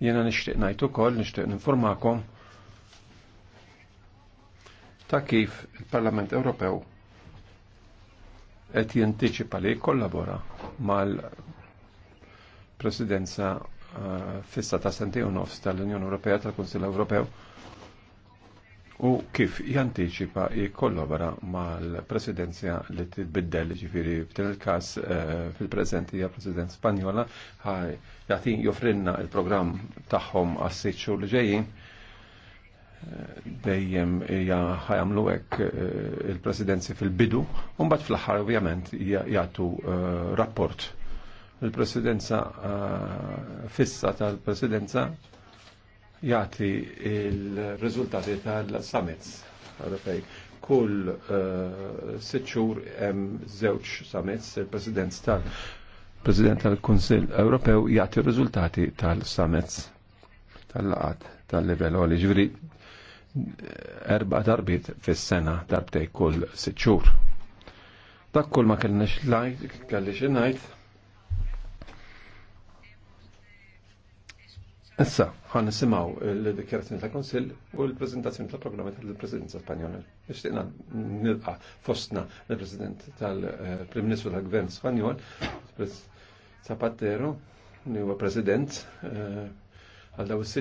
Jena nishtiq najtu ukoll, nishtiq ninformakom ta' kif il-Parlament Ewropew qed jantiċipa li jkollabora mal-Presidenza eh, fissa ta' sentej u nofs tal unjon Ewropea tal-Kunsill Ewropew u kif jantiċipa jikollabora mal-presidenzja li tibbiddel ġifiri f'din il-kas eh, fil-prezenti hija Presidenza Spanjola ħaj jagħti joffrinna il-programm tagħhom għas sitxu li ġejjin eh, dejjem hija ħajamlu hekk eh, il-presidenzi fil-bidu, u mbagħad fl-aħħar ovvjament jagħtu rapport. Il-presidenza fissa tal-presidenza jagħti il-riżultati tal-summits Ewropej. Kull eh, sitt xhur hemm żewġ summits il-President tal President tal-Kunsill Ewropew jagħti r-riżultati tal-summits tal-laqat tal-livell għoli ġifieri erba' darbit fis-sena darbtej kull sitt xhur. Dak kull ma kellnex lajt, kelli xi ngħid, Essa, għan nisimaw l-dikjerazzjoni tal konsil u l-prezentazzjoni tal-programmi tal-Presidenza Spanjola. Ixtiqna nilqa fostna l-President tal-Prim Ministru tal-Gvern Spanjol, Zapatero, li huwa President eh, għal daw